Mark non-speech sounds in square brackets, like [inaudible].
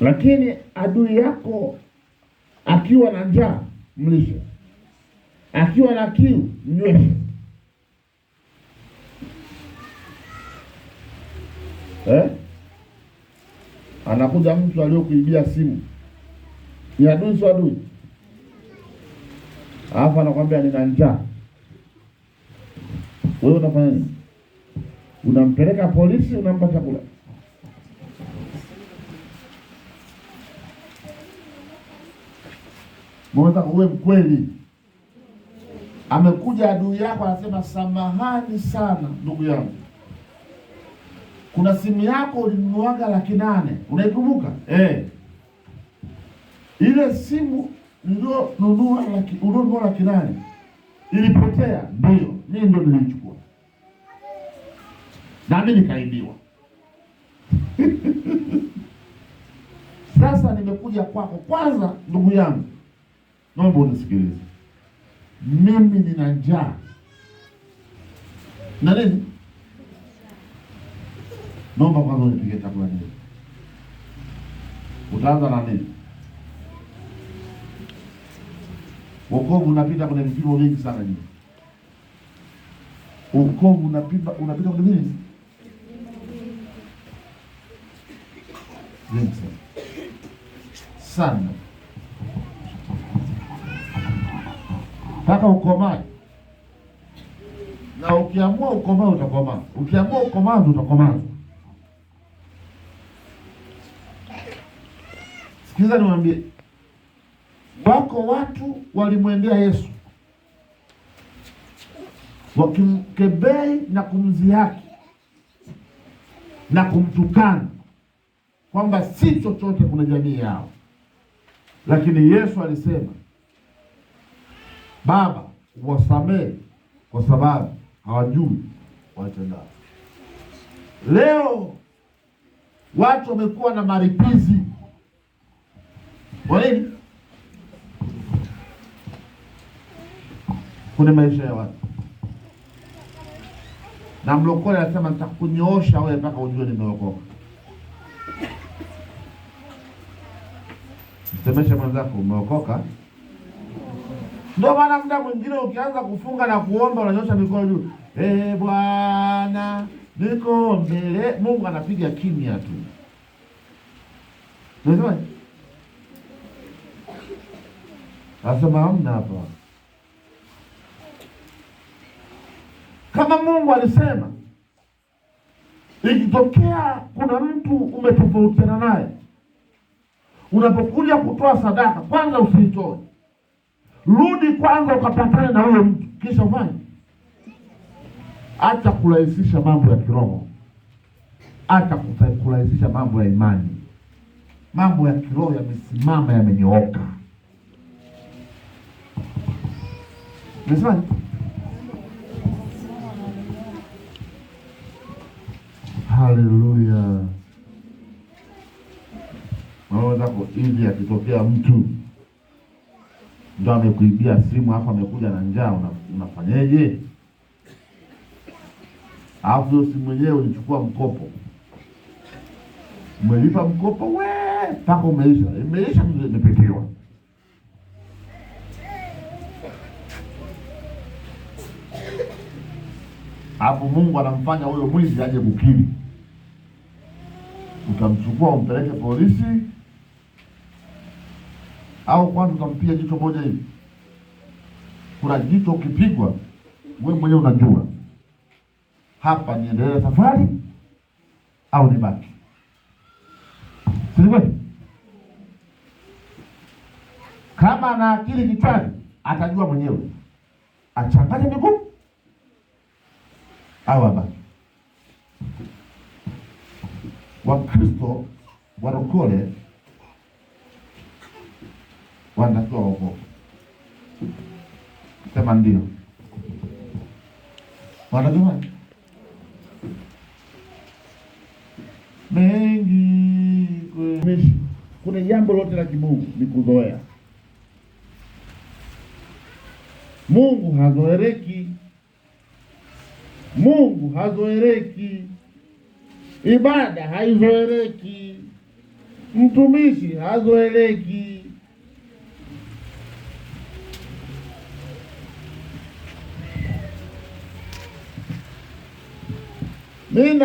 Lakini adui yako akiwa na njaa mlishe, akiwa na kiu mnyweshe. Eh? Anakuja mtu aliyokuibia simu, ni adui, sio adui? Alafu anakwambia nina njaa, wewe unafanya nini? Unampeleka polisi, unampa chakula Mweza uwe mkweli. Amekuja adui yako anasema, samahani sana ndugu yangu, kuna simu yako ulinunuaga laki nane, unaikumbuka eh? Ile simu nilionunua laki ulionunua laki nane ilipotea. Ndio mimi ndio nilichukua, nami nikaibiwa. [laughs] Sasa nimekuja kwako kwanza, ndugu yangu Naomba unisikilize, mimi nina njaa na nini? Naomba kwanza unipige chakula nini? Utaanza na nini? Wokovu unapita kwenye vipimo vingi sana nini. Wokovu unapita unapita kwenye nini? sana mpaka ukomae, na ukiamua ukomae utakomaa, ukiamua ukomaa utakomaa. Sikiliza niwaambie, wako watu walimwendea Yesu wakimkebei na kumdhihaki na kumtukana kwamba si chochote kuna jamii yao, lakini Yesu alisema Baba, wasamehe kwa sababu hawajui watendao. Leo watu wamekuwa na maripizi. Kwa nini? Kuna maisha ya watu na mlokole anasema nitakunyoosha wewe mpaka ujue nimeokoka. Msemeshe mwenzako umeokoka. Ndio maana muda mwingine ukianza kufunga na kuomba unanyosha mikono juu, eh Bwana niko mbele. Mungu anapiga kimya tu. Unasema nasema hamna hapa. Kama Mungu alisema, ikitokea kuna mtu umetofautiana naye, unapokuja kutoa sadaka, kwanza usiitoe Rudi kwanza ukapatane na huyo mtu kisha ufanye. Acha kurahisisha mambo ya kiroho, acha kurahisisha mambo ya imani. Mambo ya kiroho yamesimama, yamenyooka. Nasema haleluya. Maana hivi akitokea mtu ndo amekuibia simu halafu amekuja na njaa, unafanyeje? Alafu simu yenyewe ulichukua mkopo, umelipa mkopo we mpaka umeisha, imeisha imepitiwa. Hapo Mungu anamfanya huyo mwizi aje kukiri, utamchukua umpeleke polisi au kwanza utampia jicho moja hivi. Kuna jicho ukipigwa wewe mwenyewe unajua hapa niendelee safari au nibaki, si kweli? Kama ana akili kichwani atajua mwenyewe achanganye miguu au abaki. Wakristo warokole wanatakiwa waokoke. Sema ndio. Wanajamani, mengi kuna jambo lote la kimungu ni kuzoea. Mungu hazoereki, Mungu hazoereki, ibada haizoereki, mtumishi hazoereki Mina.